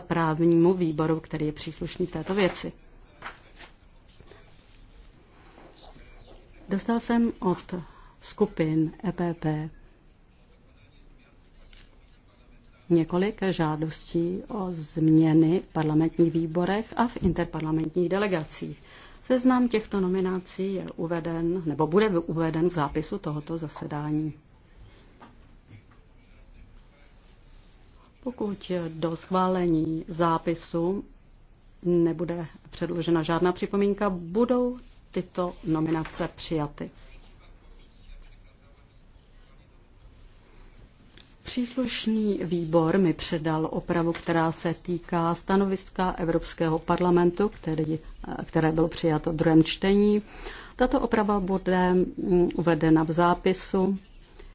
právnímu výboru, který je příslušný v této věci. Dostal jsem od skupin EPP několik žádostí o změny v parlamentních výborech a v interparlamentních delegacích. Seznam těchto nominací je uveden, nebo bude uveden v zápisu tohoto zasedání. Pokud do schválení zápisu nebude předložena žádná připomínka, budou tyto nominace přijaty. Příslušný výbor mi předal opravu, která se týká stanoviska Evropského parlamentu, který, které bylo přijato v druhém čtení. Tato oprava bude uvedena v zápisu